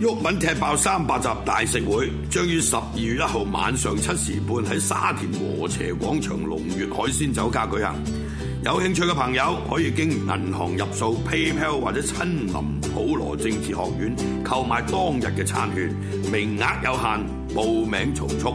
毓民踢爆三百集大食會，將於十二月一號晚上七時半喺沙田禾輋廣場龍悅海鮮酒家舉行。有興趣嘅朋友可以經銀行入數 PayPal 或者親臨普羅政治學院購買當日嘅餐券，名額有限，報名從速。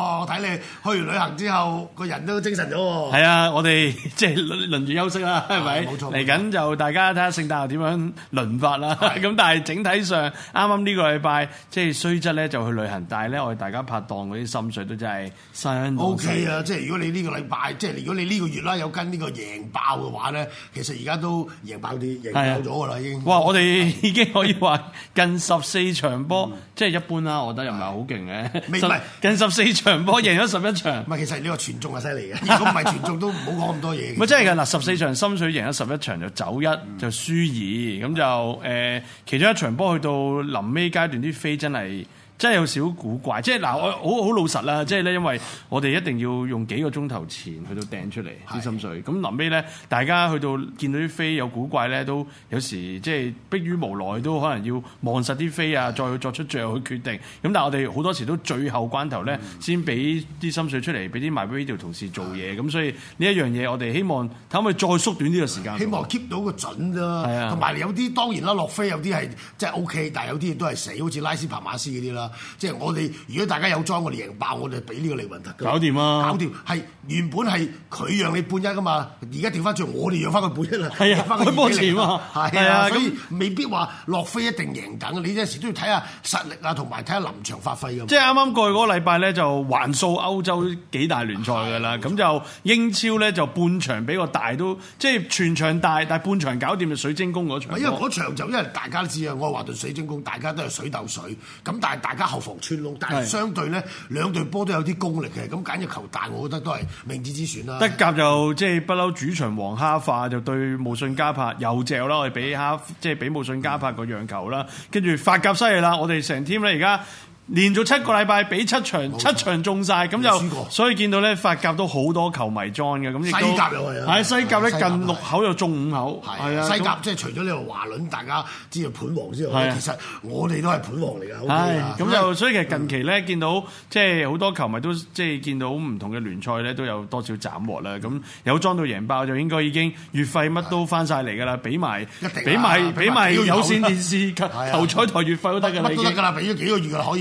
去完旅行之後，個人都精神咗喎、哦。係 啊，我哋即係輪住休息、啊、看看啦，係咪的？冇錯。嚟緊就大家睇下聖誕又點樣輪法啦。咁但係整體上，啱啱呢個禮拜即係雖則咧，就去旅行。但係咧，我哋大家拍檔嗰啲心水都真係新。O、OK、K 啊，即、就、係、是、如果你呢個禮拜，即、就、係、是、如果你呢個月啦，有跟呢個贏爆嘅話咧，其實而家都贏爆啲的贏爆咗㗎啦，已經。哇！我哋已經可以話近十四場波，即係 一般啦。我覺得又唔係好勁嘅。近十四場波贏咗十一場，唔係，其實呢個全中係犀利嘅， 如果唔係全中都唔好講咁多嘢。唔係 真係噶嗱，十四場心水贏咗十一場，就走一就輸二，咁、嗯、就誒、呃，其中一場波去到臨尾階段啲飛真係。真係有少古怪，即係嗱，我好好老實啦，即係咧，因為我哋一定要用幾個鐘頭前去到掟出嚟啲心水，咁臨尾咧，大家去到見到啲飛有古怪咧，都有時即係迫於無奈，都可能要望實啲飛啊，是的 再去作出最後嘅決定。咁但係我哋好多時都最後關頭咧，先俾啲心水出嚟，俾啲 MyRadio 同事做嘢。咁是的 所以呢一樣嘢，我哋希望睇可唔可以再縮短呢個時間。希望 keep 到個準啫，同埋是的 有啲當然啦，落飛有啲係即係 OK，但係有啲都係死，好似拉斯帕馬斯嗰啲啦。即係我哋，如果大家有莊，我哋贏爆，我哋俾呢個利潤得。搞掂啊！搞掂係原本係佢讓你半一噶嘛，而家調翻轉，我哋讓翻佢半一啦。係啊，佢多錢啊？係啊，咁未必話落飛一定贏緊。你有時都要睇下實力啊，同埋睇下臨場發揮咁。即係啱啱過去嗰個禮拜咧，就橫掃歐洲幾大聯賽㗎啦。咁、啊、就英超咧就半場比較大都，都即係全場大，但係半場搞掂就水晶宮嗰場。因為嗰場就因為大家都知啊，愛華頓水晶宮大家都係水鬥水，咁但係大水水。加後防穿窿，但係相對咧是兩隊波都有啲功力嘅，咁揀隻球大，我覺得都係明智之選啦、啊。德甲就即係不嬲，就是、主場黃黑化就對慕遜加柏有正啦，我哋俾下即係俾慕遜加柏個讓球啦，跟住法甲犀利啦，我哋成 team 咧而家。連續七個禮拜比七場七場中晒，咁就所以見到咧法甲都好多球迷裝嘅，咁亦都係啊西甲咧近六口又中五口，係啊西甲即係除咗呢個華輪，大家知道盤王先，咁其實我哋都係盤王嚟㗎。好，咁就所以其實近期咧見到即係好多球迷都即係見到唔同嘅聯賽咧都有多少斬獲啦，咁有裝到贏爆就應該已經月費乜都翻晒嚟㗎啦，比埋比埋比埋有線電視球賽台月費都得㗎，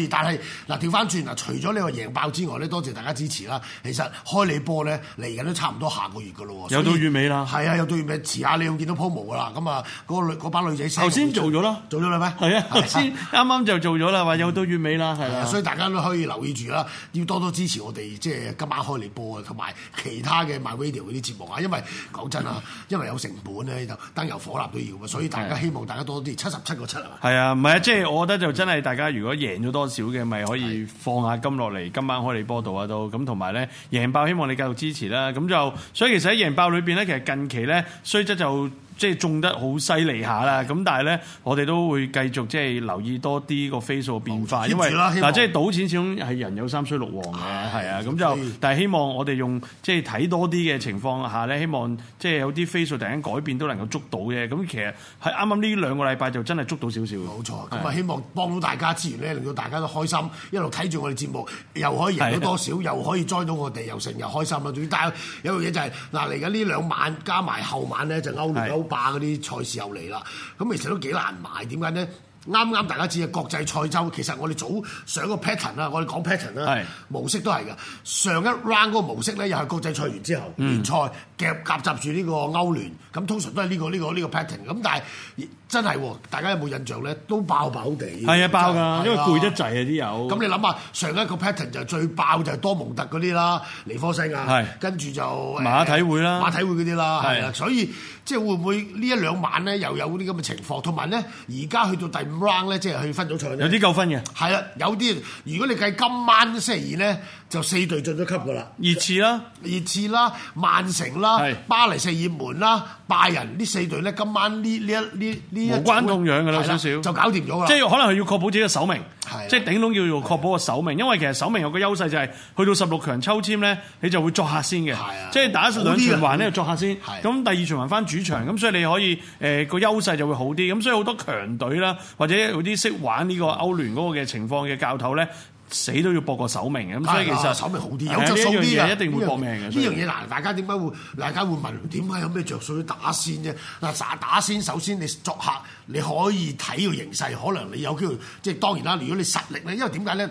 你～但係嗱，調翻轉嗱，除咗你話贏爆之外咧，多謝大家支持啦。其實開你波咧，嚟緊都差唔多下個月噶咯喎，又到月尾啦。係啊，有到月尾，遲下你會見到 Pomo 噶啦。咁啊，嗰個女嗰班女仔頭先做咗咯，做咗啦咩？係啊，頭先啱啱就做咗啦，話有到月尾啦，係啊，啊。所以大家都可以留意住啦，要多多支持我哋即係今晚開你波啊，同埋其他嘅 MyRadio 嗰啲節目啊。因為講真啊，因為有成本咧，就燈油火蠟都要嘛，所以大家、啊、希望大家多啲七十七個七啊。係啊，唔係啊，即係我覺得就真係大家如果贏咗多少嘅咪可以放下金落嚟，今晚開你波到啊都咁，同埋咧贏爆，希望你繼續支持啦。咁就所以其實喺贏爆裏邊咧，其實近期咧，雖則就。即係中得好犀利下啦，咁但係咧，我哋都會繼續即係留意多啲個飛數嘅變化，因為嗱，即係賭錢始終係人有三衰六旺嘅，係啊，咁就但係希望我哋用即係睇多啲嘅情況下咧，希望即係有啲飛數突然間改變都能夠捉到嘅，咁其實喺啱啱呢兩個禮拜就真係捉到少少。冇錯，咁啊希望幫到大家之餘咧，令到大家都開心，一路睇住我哋節目，又可以贏到多少，又可以栽到我哋，又成又開心啦。總之，但係有一樣嘢就係嗱，嚟緊呢兩晚加埋後晚咧就歐聯。霸嗰啲賽事又嚟啦，咁其實都幾難買。點解咧？啱啱大家知啊，國際賽周其實我哋早上一個 pattern 啦，我哋講 pattern 啦，是，模式都係㗎。上一 round 嗰個模式咧，又係國際賽完之後聯賽。嗯夾夾雜住呢個歐聯，咁通常都係呢個呢個呢個 pattern。咁但係真係，大家有冇印象咧？都爆爆地。係啊，爆㗎，因為攰得滯啊啲友。咁你諗下，上一個 pattern 就最爆就係多蒙特嗰啲啦，尼科星啊，的跟住就馬體會啦，馬體會嗰啲啦，係啦。的所以即係會唔會呢一兩晚咧又有啲咁嘅情況？同埋咧，而家去到第五 round 咧，即係去分組賽有啲夠分嘅。係啦，有啲如果你計今晚星期二咧。就四隊進咗級嘅啦，熱刺啦、熱刺啦、曼城啦、巴黎聖日耳門啦、拜仁呢四隊咧，今晚呢呢一呢呢一組無關痛癢嘅啦，少少就搞掂咗啦。即係可能係要確保自己嘅首名，即係頂籠要用確保個首名，因為其實首名有個優勢就係去到十六強抽籤咧，你就會作客先嘅，即係打兩循環呢，就作客先。咁第二循環翻主場，咁所以你可以誒個優勢就會好啲。咁所以好多強隊啦，或者有啲識玩呢個歐聯嗰個嘅情況嘅教頭咧。死都要搏個首名咁，然所以其實、啊、首名好啲，嗯、有著數啲啊！一定會搏命嘅呢樣嘢。嗱以，大家點解會？大家會問點解有咩着數去打先啫？嗱，打先，首先你作客你可以睇個形勢，可能你有機會。即、就、係、是、當然啦，如果你實力咧，因為點解咧？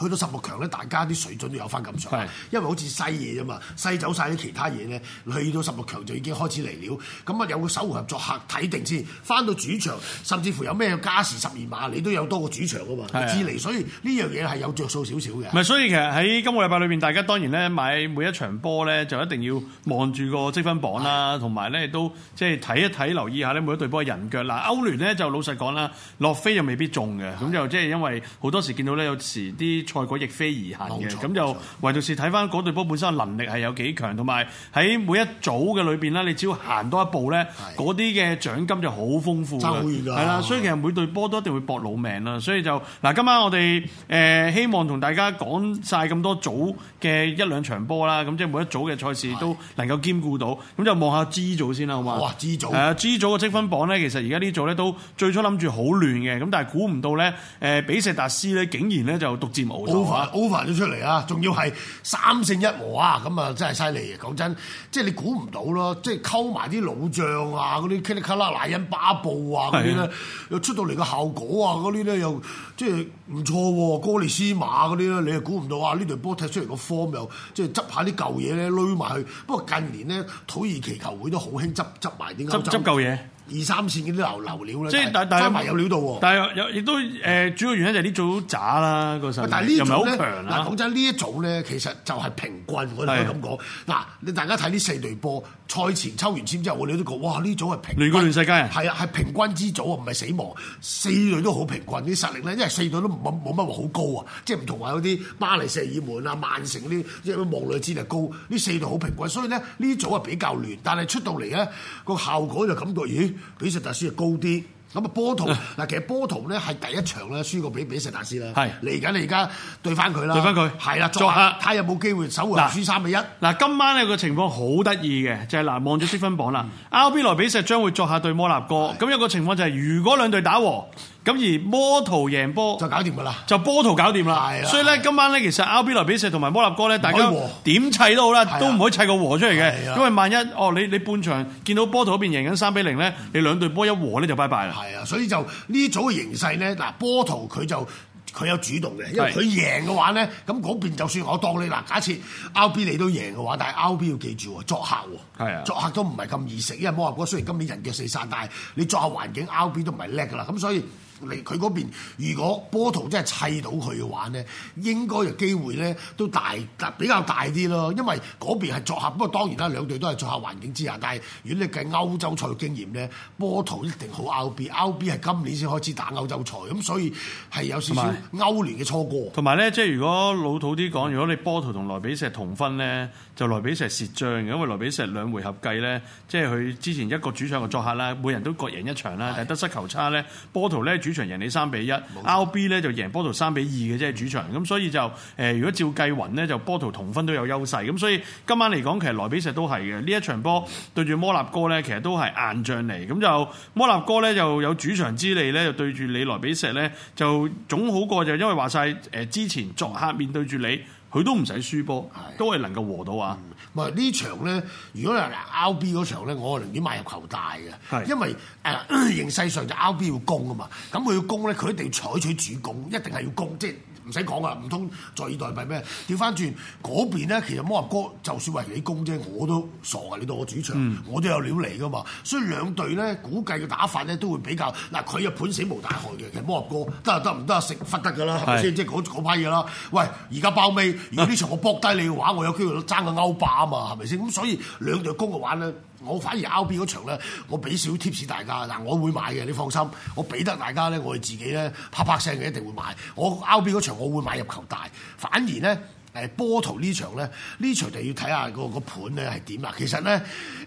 去到十六強咧，大家啲水準都有翻咁上，是的 因為好似篩嘢啫嘛，篩走晒啲其他嘢咧，去到十六強就已經開始嚟了。咁啊，有個首回合作客睇定先，翻到主場，甚至乎有咩加時十二碼，你都有多個主場啊嘛，至嚟是的 所以呢樣嘢係有着數少少嘅。咪所以其實喺今個禮拜裏面，大家當然咧買每一場波咧，就一定要望住個積分榜啦，同埋咧都即係睇一睇、留意下咧每一隊波人腳。嗱，歐聯咧就老實講啦，落飛又未必中嘅，咁就即係因為好多時見到咧有時啲。遲賽果亦非而行嘅，咁錯就唯獨是睇翻嗰隊波本身嘅能力係有幾強，同埋喺每一組嘅裏邊咧，你只要行多一步咧，嗰啲嘅獎金就好豐富嘅，係啦、啊。所以其實每隊波都一定會搏老命啦。所以就嗱，今晚我哋誒、呃、希望同大家講晒咁多組嘅一兩場波啦，咁即係每一組嘅賽事都能夠兼顧到。咁的就望下 G 組先啦，好嘛？哇！G 組誒 G、呃、組嘅積分榜咧，其實而家呢組咧都最初諗住好亂嘅，咁但係估唔到咧誒、呃、比錫達斯咧竟然咧就獨佔。over over 咗出嚟啊！仲要係三勝一和啊！咁啊真係犀利啊。講真，即係你估唔到咯。即係溝埋啲老將啊，嗰啲 Kiki 卡拉、萊因巴布啊，嗰啲咧，是的 又出到嚟嘅效果啊，嗰啲咧又即係唔錯。哥利斯馬嗰啲咧，你又估唔到啊！呢隊波踢出嚟個 form 又即係執下啲舊嘢咧，累埋去。不過近年咧，土耳其球會都好興執執埋啲。執執舊嘢。二三線嗰啲流流料咧，即係是但埋有料到喎。有但係有亦都誒、呃，主要原因就係、嗯、呢、啊、組渣啦但身，又唔係好強啦。嗱，講真，呢一組咧，其實就係平均，我哋可以咁講。嗱，你大家睇呢四隊波，賽前抽完籤之後，我哋都覺，哇，呢組係平均亂過亂世佳人。係啊，係平均之組啊，唔係死亡。四隊都好平均啲實力咧，因為四隊都冇乜話好高啊，即係唔同話嗰啲巴黎聖日耳曼啊、曼城呢，一望落之資高，呢四隊好平均，所以咧呢組啊比較亂。但係出到嚟咧個效果就感覺咦～比石達斯啊高啲，咁啊波圖嗱，其實波圖咧係第一場咧輸過俾比石達斯啦，係嚟緊你而家對翻佢啦，對翻佢係啦，作下睇下有冇機會首回合輸三比一。嗱，今晚咧個情況好得意嘅，就係嗱望住積分榜啦，阿爾卑來比石將會作下對摩納哥，咁的有個情況就係、是、如果兩隊打和。咁而波圖贏波就搞掂噶啦，就波圖搞掂啦。的所以咧，的今晚咧其實 RB 萊比錫同埋摩納哥咧，的大家點砌都好啦，的都唔可以砌個和出嚟嘅。的因為萬一哦，你你半場見到波圖嗰邊贏緊三比零咧，你兩隊波一和咧就拜拜啦。係啊，所以就呢組嘅形勢咧，嗱，波圖佢就佢有主動嘅，因為佢贏嘅話咧，咁嗰邊就算我當你嗱，假設 RB 你都贏嘅話，但係 RB 要記住喎，作客喎、哦，的作客都唔係咁易食。因為摩納哥雖然今年人腳四散，但係你作客環境 RB 都唔係叻噶啦。咁所以。嚟佢嗰邊，如果波圖真係砌到佢嘅話咧，應該嘅機會咧都大，比較大啲咯。因為嗰邊係作客，不過當然啦，兩隊都係作客環境之下。但係如果你計歐洲賽嘅經驗咧，波圖一定好 RB，RB 係今年先開始打歐洲賽，咁所以係有少少歐聯嘅初哥。同埋咧，即係如果老土啲講，如果你波圖同萊比錫同分咧，就萊比錫蝕章嘅，因為萊比錫兩回合計咧，即係佢之前一個主場嘅作客啦，每人都各贏一場啦，的但係得失球差咧，波圖咧主場贏你三比一，RB 咧就贏波圖三比二嘅啫，主場。咁所以就誒、呃，如果照計匀咧，就波圖同分都有優勢，咁所以今晚嚟講其實萊比錫都係嘅，呢一場波對住摩納哥咧，其實都係硬仗嚟，咁就摩納哥咧又有主場之利咧，就對住你萊比錫咧就總好過就是，因為話晒誒之前作客面對住你。佢都唔使輸波，都係能夠和到啊！唔係、嗯、呢場咧，如果係係 RB 嗰場咧，我寧願買入球大嘅，是因為誒、呃、形勢上就 RB 要攻啊嘛，咁佢要攻咧，佢一定要採取主攻，一定係要攻即。唔使講啊，唔通坐以待斃咩？調翻轉嗰邊咧，其實摩納哥就算為你攻啫，我都傻噶。你當我主場，我都有料嚟噶嘛。所以兩隊咧，估計嘅打法咧都會比較嗱。佢啊盤死無大害嘅，其實摩納哥行就行就行得啊得唔得啊？食忽得噶啦，係咪先？即係嗰批嘢啦。喂，而家包尾，如果呢場我搏低你嘅話，我有機會爭個歐霸啊嘛，係咪先？咁所以兩隊攻嘅話咧。我反而 RB 嗰場咧，我俾少 tips 大家嗱，我會買嘅，你放心，我俾得大家咧，我哋自己咧啪啪聲嘅一定會買。我 RB 嗰場，我會買入球大，反而咧。誒波圖場呢場咧，呢場就要睇下個個盤咧係點啦。其實咧，誒、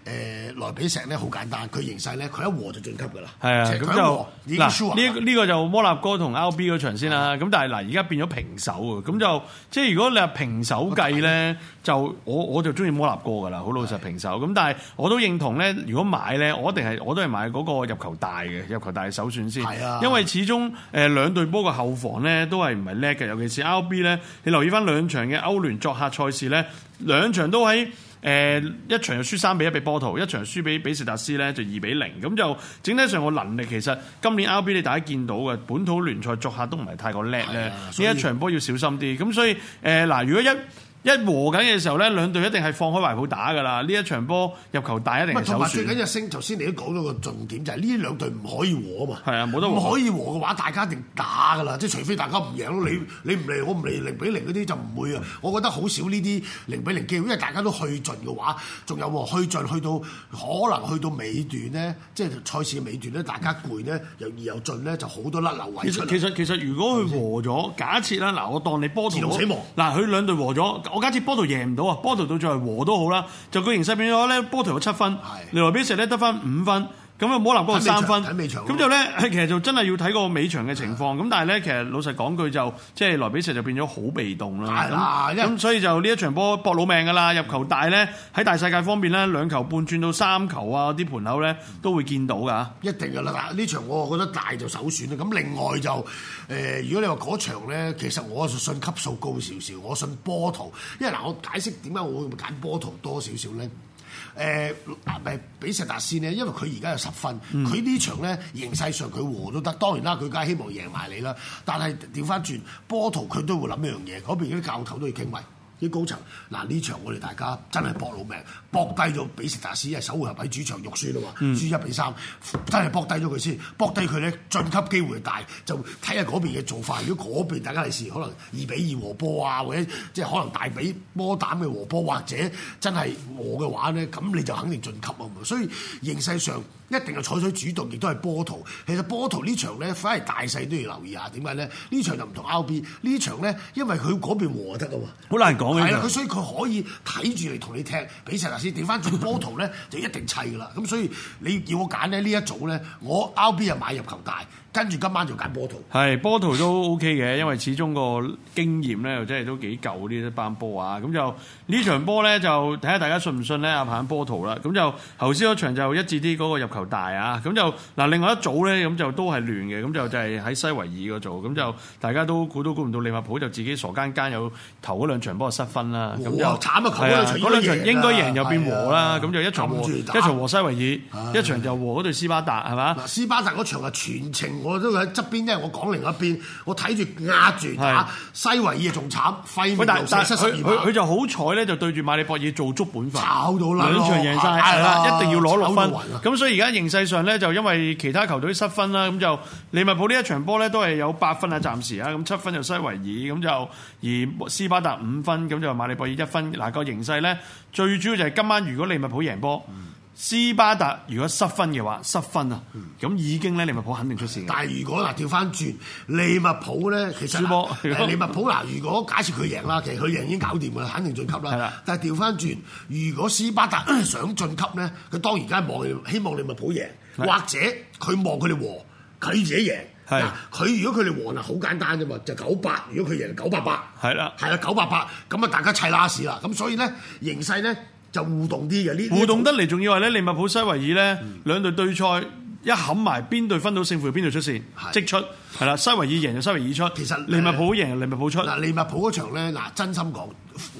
呃、萊比錫咧好簡單，佢形勢咧佢一和就晉級噶啦。係啊，咁就呢呢、這個這個就摩納哥同 L B 嗰場先啦。咁、啊、但係嗱而家變咗平手啊，咁就即係如果你話平手計咧，啊、就我我就中意摩納哥㗎啦。好老實、啊、平手。咁但係我都認同咧，如果買咧，我一定係我都係買個入球大嘅，入球大係首選先。係啊，因為始終誒兩隊波嘅後防咧都係唔係叻嘅，尤其是 L B 咧，你留意翻兩場嘅。歐聯作客賽事呢兩場都喺誒、呃，一場又輸三比一俾波圖，一場輸俾比士達斯呢就二比零，咁就整體上個能力其實今年 R B 你大家見到嘅本土聯賽作客都唔係太過叻呢。呢一場波要小心啲，咁所以誒嗱、呃，如果一一和緊嘅時候咧，兩隊一定係放開懷抱打㗎啦。呢一場波入球大一定唔同埋最緊一星頭先你都講咗個重點就係、是、呢兩隊唔可以和嘛。係啊，冇得和。唔可以和嘅話，大家一定打㗎啦。即係除非大家唔贏咯、嗯，你你唔嚟，我唔嚟，零比零嗰啲就唔會啊。我覺得好少呢啲零比零機會，因為大家都去盡嘅話，仲有喎，去盡去到可能去到尾段咧，即係賽事嘅尾段咧，大家攰咧又易又盡咧，就好多甩流位其。其實其實如果佢和咗，假設啦，嗱我當你波同我，嗱佢兩隊和咗。我假設波圖贏唔到啊，波圖到最後和都好啦，就個形勢變咗咧，波圖有七分，另外邊成咧得翻五分。咁啊，唔好諗三分。咁就咧，其實就真係要睇個尾場嘅情況。咁的但係咧，其實老實講句，就即係萊比錫就變咗好被動啦。係啊，咁所以就呢一場波搏老命㗎啦。入球大咧，喺大世界方面咧，兩球半轉到三球啊，啲盤口咧都會見到㗎。一定㗎啦！呢場我覺得大就首選啦。咁另外就誒、呃，如果你話嗰場咧，其實我信級數高少少，我信波圖。因為嗱，為我解釋點解我會揀波圖多少少咧？誒，畀、呃、石達先，咧，因為佢而家有十分，佢、嗯、呢場咧，形勢上佢和都得，當然啦，佢梗係希望贏埋你啦。但係調翻轉，波圖佢都會諗一樣嘢，嗰邊啲教頭都要傾埋。啲高層嗱，呢場我哋大家真係搏老命， 搏低咗比錫達斯啊，首回合喺主場肉輸啦嘛， 輸一比三，真係搏低咗佢先，搏低佢咧晉級機會大，就睇下嗰邊嘅做法。如果嗰邊大家嚟試可能二比二和波啊，或者即係可能大比波膽嘅和波，或者真係和嘅話咧，咁你就肯定晉級啊嘛。所以形勢上，一定係採取主動，亦都係波圖。其實波圖呢場咧，反而大細都要留意下。點解咧？呢場就唔同 R B。呢場咧，因為佢嗰邊和得啊嘛，好難講嘅。係啦，佢所以佢可以睇住嚟同你踢，比成日先掉翻轉波圖咧， 就一定砌㗎啦。咁所以你要我揀咧，呢一組咧，我 R B 啊買入球大。跟住今晚就揀波圖，係波圖都 OK 嘅，因為始終個經驗咧又真係都幾舊呢一班波啊。咁就呢場波咧，就睇下大家信唔信咧阿彭波圖啦。咁就頭先嗰場就一至啲嗰個入球大啊。咁就嗱，另外一組咧，咁就都係亂嘅，咁就就係喺西維爾嗰組。咁就大家都估都估唔到利物浦就自己傻更更有頭嗰兩場波失分啦。咁就慘啊！嗰兩場應該贏又、啊、變和啦。咁、啊、就一場和、啊、一場和西維爾，啊、一場就和嗰對斯巴達係嘛？嗱、啊、斯巴達嗰場係全程。我都喺側邊，因為我講另一邊，我睇住壓住打西維爾仲慘，費曼又失失十二碼，佢佢就好彩咧，就對住馬里博爾做足本分，攪到啦，兩場贏晒，係啦，一定要攞六分。咁所以而家形勢上咧，就因為其他球隊失分啦，咁就利物浦呢一場波咧都係有八分啊，暫時啊，咁七分就西維爾，咁就而斯巴達五分，咁就馬里博爾一分。嗱、那個形勢咧，最主要就係今晚如果利物浦贏波。嗯。斯巴達如果失分嘅話，失分啊！咁、嗯、已經咧，利物浦肯定出線。但係如果嗱，調翻轉利物浦咧，其實……輸波果。利物浦嗱，如果假設佢贏啦，其實佢贏已經搞掂啦，肯定進級啦。係啦。但係調翻轉，如果斯巴達想進級咧，佢當而家望希望利物浦贏，或者佢望佢哋和佢自己贏。係是的。佢如果佢哋和嗱，好簡單啫嘛，就九八。如果佢贏九八八，係啦是的，係啦，九八八咁啊，大家砌拉屎啦。咁所以咧，形勢咧。就互動啲嘅，呢啲互動得嚟，仲要係咧利物浦西維爾咧兩隊對賽一冚埋，邊隊分到勝負，邊隊出線，是即出係啦，西維爾贏就西維爾出。其實利物浦贏，就利物浦出。嗱、呃、利物浦嗰場咧，嗱真心講，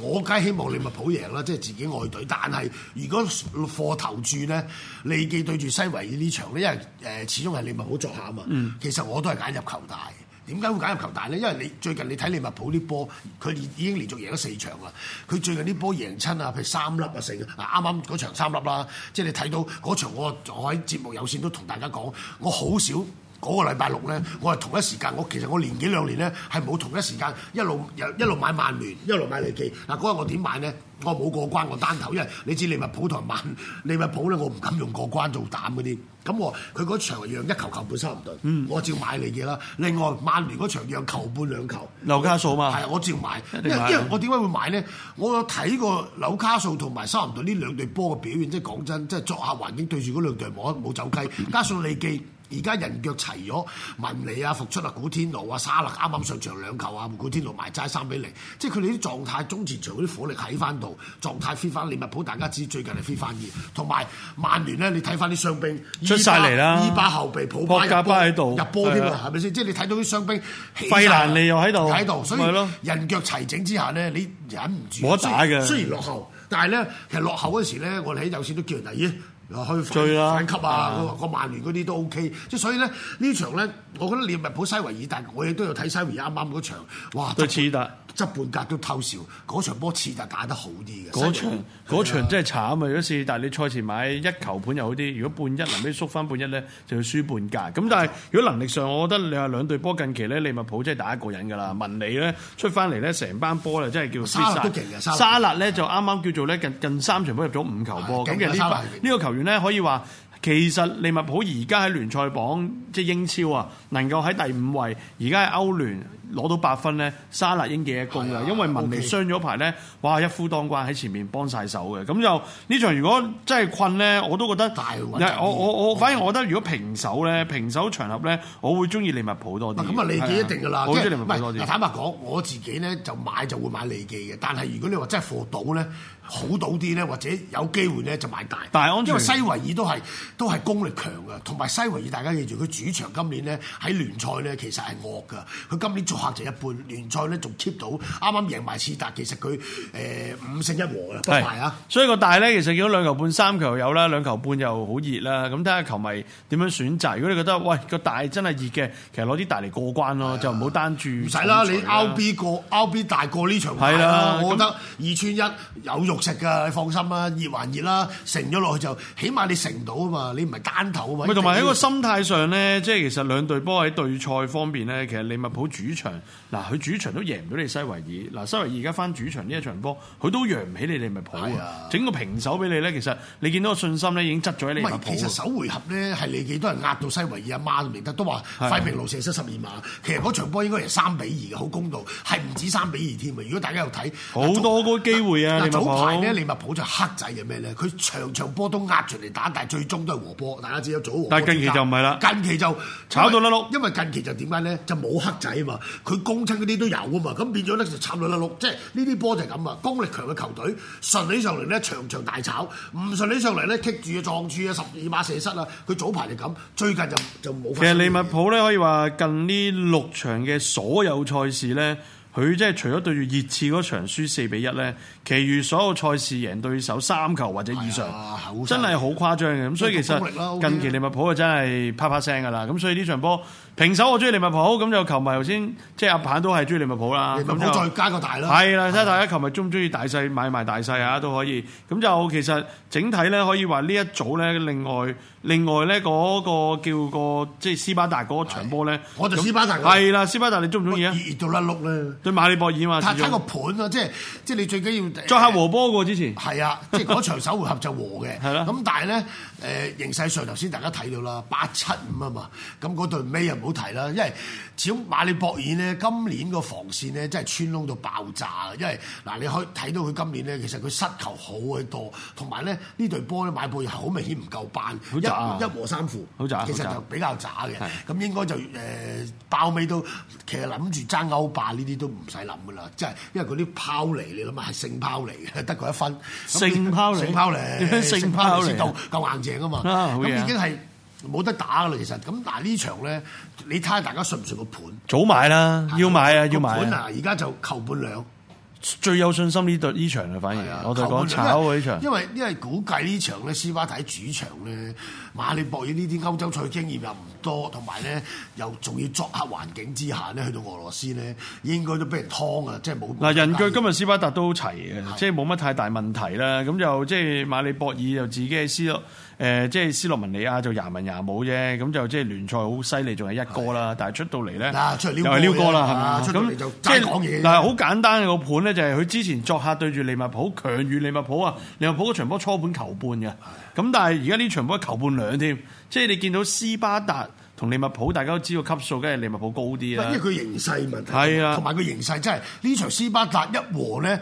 我梗係希望利物浦贏啦，即係自己外隊。但係如果課投注咧，你既對住西維爾呢場咧，因為誒、呃、始終係利物浦作下啊嘛。其實我都係揀入球大。嗯點解會揀入球大咧？因為你最近你睇利物浦啲波，佢已已經連續贏咗四場啦。佢最近啲波贏親啊，譬如三粒啊勝啊，啱啱嗰場三粒啦。即係你睇到嗰場，我我喺節目有線都同大家講，我好少。嗰個禮拜六咧，我係同一時間，我其實我年幾兩年咧係冇同一時間一路又一路買曼聯，一路買利記。嗱嗰日我點買咧？我冇過關，我單頭，因為你知利物浦同曼利物浦咧，我唔敢用過關做膽嗰啲。咁我佢嗰場讓一球，一球球半，修咸頓。我照買利記啦。另外曼聯嗰場讓球半兩球，紐卡素嘛，係我照買。因為因為我點解會買咧？我有睇過紐卡素同埋修咸頓呢兩隊波嘅表現，即係講真，即係作客環境對住嗰兩隊冇冇走雞，加上利記。而家人腳齊咗，文尼啊復出啊，古天奴啊沙勒啱啱上場兩球啊，古天奴埋齋三比零，0, 即係佢哋啲狀態中前場嗰啲火力喺翻度，狀態飛翻利物浦，大家知最近係飛翻熱，同埋曼聯咧，你睇翻啲傷兵出晒嚟啦，伊巴後備普巴喺度入波添球啊，係咪先？即係你睇到啲傷兵費蘭利又喺度，所以咯，人腳齊整之下咧，你忍唔住，我吧雖嘅。雖然落後，但係咧其實落後嗰時咧，我哋喺有線都叫人。但咦，An, 啊，去反級啊！啊個個曼聯嗰啲都 OK，即係所以咧呢這場咧，我覺得利物浦西維爾，但我亦都有睇西維爾啱啱嗰場，哇！都期待對行即半格都偷笑，嗰場波似就打得好啲嘅。嗰場，的場真係慘啊！有一次，但係你賽前買一球盤又好啲。如果半一臨尾縮翻半一咧，就要輸半格。咁 但係如果能力上，我覺得你話兩隊波近期咧，利物浦真係打一個人㗎啦。文尼咧出翻嚟咧，成班波咧真係叫失沙納都勁嘅，沙勒咧就啱啱叫做咧近近三場波入咗五球波。咁其實呢個呢個球員咧可以話。其實利物浦而家喺聯賽榜，即係英超啊，能夠喺第五位，而家喺歐聯攞到八分咧，沙勒已經幾成功嘅，因為文脷傷咗排咧，哇一夫當關喺前面幫晒手嘅，咁就呢場如果真係困咧，我都覺得，我我我反而我覺得如果平手咧，平手場合咧，我會中意利物浦多啲。咁啊，利記一定㗎啦，唔係坦白講，我自己咧就買就會買利記嘅，但係如果你話真係貨到咧。好到啲咧，或者有機會咧就買大，但係因為西維爾都係都係功力強嘅，同埋西維爾大家記住佢主場今年咧喺聯賽咧其實係惡㗎，佢今年做客就一半聯賽咧仲 keep 到啱啱贏埋次，剛剛次但其實佢誒、呃、五勝一和嘅，不埋是啊！所以個大咧其實見到兩球半三球有啦，兩球半又好熱啦，咁睇下球迷點樣選擇，如果你覺得喂個大真係熱嘅，其實攞啲大嚟過關咯、啊，哎、呀就唔好單注、啊。唔使啦，你歐 B 過歐 B 大過呢場、啊，係啦、啊，我覺得二串一有用。有用食噶，你放心啦，熱還熱啦，成咗落去就起碼你成到啊嘛，你唔係單頭啊嘛。同埋喺個心態上咧，即係其實兩隊波喺對賽方面咧，其實利物浦主場嗱佢主場都贏唔到你西維爾，嗱西維爾而家翻主場呢一場波，佢都贏唔起你利物浦啊，整個平手俾你咧，其實你見到個信心咧已經執咗喺利物浦。其實首回合咧係你幾多人壓到西維爾阿媽，媽都明德都話費平路射失十二碼，啊、其實嗰場波應該係三比二嘅好公道，係唔止三比二添啊！如果大家有睇好多個機會啊，但係咧，利物浦就黑仔嘅咩咧？佢場場波都壓住嚟打，但係最終都係和波。大家知有早和波。但係近期就唔係啦。近期就炒到甩碌，因為近期就點解咧？就冇黑仔啊嘛。佢攻出攻親嗰啲都有啊嘛。咁變咗咧就炒到甩碌。即係呢啲波就係咁啊。功力強嘅球隊順起上嚟咧，場場大炒；唔順起上嚟咧，棘住嘅撞柱啊、十二碼射失啊。佢早排就咁，最近就就冇。其實利物浦咧可以話近呢六場嘅所有賽事咧。佢即係除咗對住熱刺嗰場輸四比一咧，其餘所有賽事贏對手三球或者以上，真係好誇張嘅。咁所以其實近期利物浦就真係啪啪聲噶啦。咁所以呢場波平手，我中意利物浦。咁就球迷頭先即係阿鵬都係中意利物浦啦。咁再加個大咯。係啦，睇下大家琴日中唔中意大細買埋大細啊都可以。咁就其實整體咧，可以話呢一組咧，另外另外咧嗰個叫個即係斯巴達嗰場波咧，我就斯巴達。係啦，斯巴達你中唔中意啊？熱到甩碌咧！對馬里博爾嘛，睇個盤啊，啊，即係即係你最緊要，作客和波嘅之前係啊，即係嗰場首回合就和嘅，咁 的但係咧。誒形勢上頭先大家睇到啦，八七五啊嘛，咁嗰對尾又唔好提啦，因為始終馬里博爾呢，今年個防線呢真係穿窿到爆炸啊，因為嗱你可以睇到佢今年呢，其實佢失球好鬼多，同埋咧呢對波呢，買報又好明顯唔夠班差，一一和三負，好其實就比較渣嘅，咁差應該就誒包的、呃、尾都其實諗住爭歐霸呢啲都唔使諗噶啦，即係因為佢啲拋離，你諗下係勝拋離，嘅，得個一分勝拋離。勝拋離，夠硬啊嘛，咁已經係冇得打噶啦，其實咁，嗱呢場咧，你睇下大家信唔信個盤？早買啦，要買啊，要買。盤嗱，而家就求半兩，最有信心呢度呢場啊，反而啊，我對講為炒呢場，因為因為估計呢場咧，斯巴提主場咧，馬利博爾呢啲歐洲賽經驗又唔多同埋咧，又仲要作客環境之下咧，去到俄羅斯咧，應該都俾人劏啊！即係冇嗱人腳今日斯巴達都好齊嘅，是的 即係冇乜太大問題啦。咁就即係馬里博爾就自己係斯洛，誒、呃、即係斯洛文尼亞就牙文牙武啫。咁就即係聯賽好犀利，仲係一哥啦。但係出到嚟咧，嗱出嚟撩，撩哥啦，係嘛、啊？出嚟就那即係是講嘢。嗱，好簡單嘅個盤咧，就係佢之前作客對住利物浦強於利物浦啊！利物浦嗰場波初盤球半嘅，咁的但係而家呢場波球半兩添，即係你見到斯巴達。同利物浦大家都知道級數梗係利物浦高啲啦。因為佢形勢問題，係啊，同埋佢形勢真係呢場斯巴達一和咧。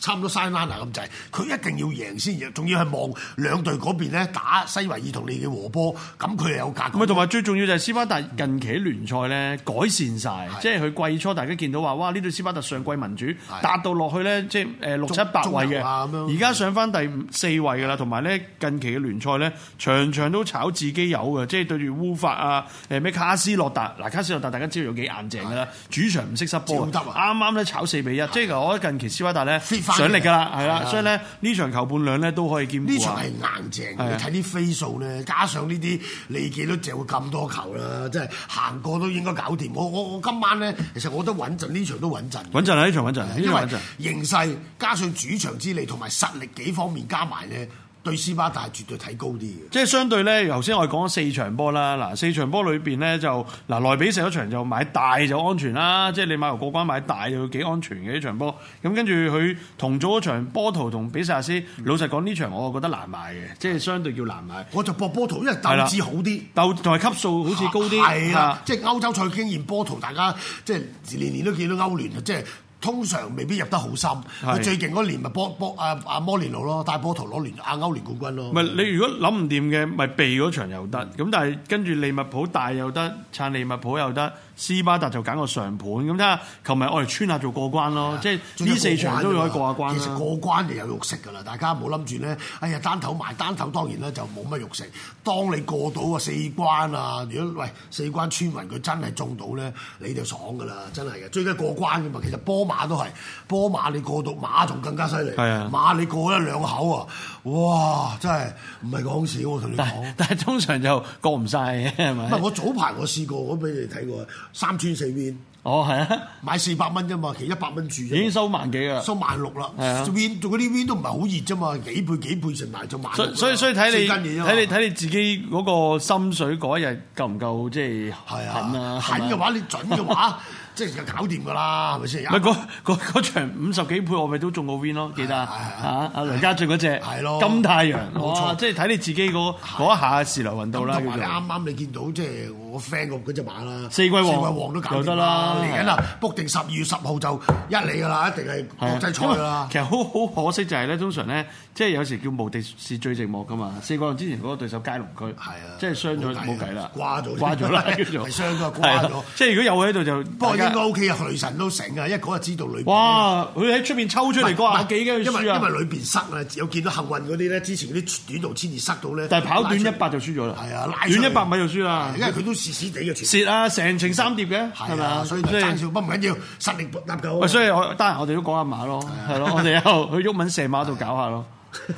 差唔多塞班啊咁滯，佢一定要贏先贏，仲要係望兩隊嗰邊咧打西維爾同你嘅和波，咁佢又有價。咁啊，同埋最重要就係斯巴達近期嘅聯賽咧改善晒，是即係佢季初大家見到話哇呢隊斯巴達上季民主是達到落去咧，即係誒六七八位嘅，而家、啊、上翻第四位噶啦，同埋咧近期嘅聯賽咧場場都炒自己有嘅，即係對住烏法啊誒咩卡斯洛達嗱卡斯洛達大家知道有幾硬淨噶啦，是主場唔識失波，啱啱咧炒四比一是，即係我覺得近期斯巴達咧。上力㗎啦，係啦的，的所以咧呢的場球半兩咧都可以兼顧，場的呢場係硬淨，睇啲飛數咧，加上呢啲你幾多隻會咁多球啦，即係行過都應該搞掂。我我我今晚咧，其實我覺得穩陣，呢場都穩陣。穩陣啊！呢場穩陣，呢的場穩陣。形勢為陣加上主場之利同埋實力幾方面加埋咧，對斯巴達絕對睇高啲嘅，即係相對咧，頭先我哋講咗四場波啦，嗱四場波裏邊咧就嗱萊比錫一場就買大就安全啦，即係你買頭過關買大就會幾安全嘅呢場波。咁跟住佢同組嗰場波圖同比薩斯，老實講呢場我係覺得難買嘅，即係相對要難買。我就博波圖，因為鬥志好啲，鬥同埋級數好似高啲，係啦，係嘅，即係歐洲賽經驗波圖，大家即係年，年年都見到歐聯啊，即係。通常未必入得好深，是最勁嗰年咪波波阿阿、啊、摩連奴咯，帶波圖攞聯亞歐聯冠軍咯。唔係你如果諗唔掂嘅，咪避嗰場又得，咁但係跟住利物浦大又得，撐利物浦又得。斯巴達就揀個上盤咁啫，琴日我哋村下就過關咯，的即係呢四場都可以過下關。其實過關就有肉食噶啦，大家唔好諗住咧。哎呀，單頭埋單頭當然啦，就冇乜肉食。當你過到啊四關啊，如果喂四關村民佢真係中到咧，你就爽噶啦，真係嘅。最緊過關噶嘛，其實波馬都係波馬，你過到馬仲更加犀利。係啊的，馬你過一兩口啊，哇！真係唔係講笑，我同你講。但係通常就過唔晒，係咪？ 我早排我試過，我俾你睇過。三串四 Win 哦，係啊，買四百蚊啫嘛，其一百蚊住啫，已經收萬幾啊，收萬六啦。Win 做嗰啲 Win 都唔係好熱啫嘛，幾倍幾倍成埋就萬六，所以所以睇你睇你睇你自己嗰個心水嗰一日夠唔夠即係，係啊，狠啊，狠嘅話你準嘅話，即係就搞掂㗎啦，係咪先？唔係嗰場五十幾倍我咪都中個 Win 咯，記得啊阿梁家俊嗰隻咯金太陽，冇錯，即係睇你自己嗰一下時來運到啦叫做。啱啱你見到即係。我 friend 個嗰隻馬啦，四季王四季王都搞得啦，嚟緊啊 book 定十二月十號就一嚟㗎啦，一定係國際賽㗎啦。其實好好可惜就係咧，通常咧即係有時叫無敵是最寂寞㗎嘛。四季王之前嗰個對手佳龍駒，係啊，即係傷咗冇計啦，瓜咗瓜咗啦叫做。係傷咗瓜咗，即係如果有喺度就，不過應該 OK 啊。雷神都醒啊，一講就知道裏邊。哇！佢喺出邊抽出嚟嗰下，因為因為裏邊塞啊，有見到幸運嗰啲咧，之前嗰啲短道千二塞到咧。但係跑短一百就輸咗啦，係啊，短一百米就輸啦，因為佢都。蝕蝕地嘅錢，蝕啊成程三疊嘅，係咪啊？所以即係，不唔緊要，實力搏納就好。所以我得閒我哋都講下馬咯，係咯，我哋又去鬱文射馬度搞下咯。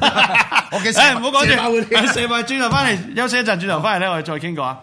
誒唔好講住，射馬轉頭翻嚟休息一陣，轉頭翻嚟咧，我哋再傾過啊。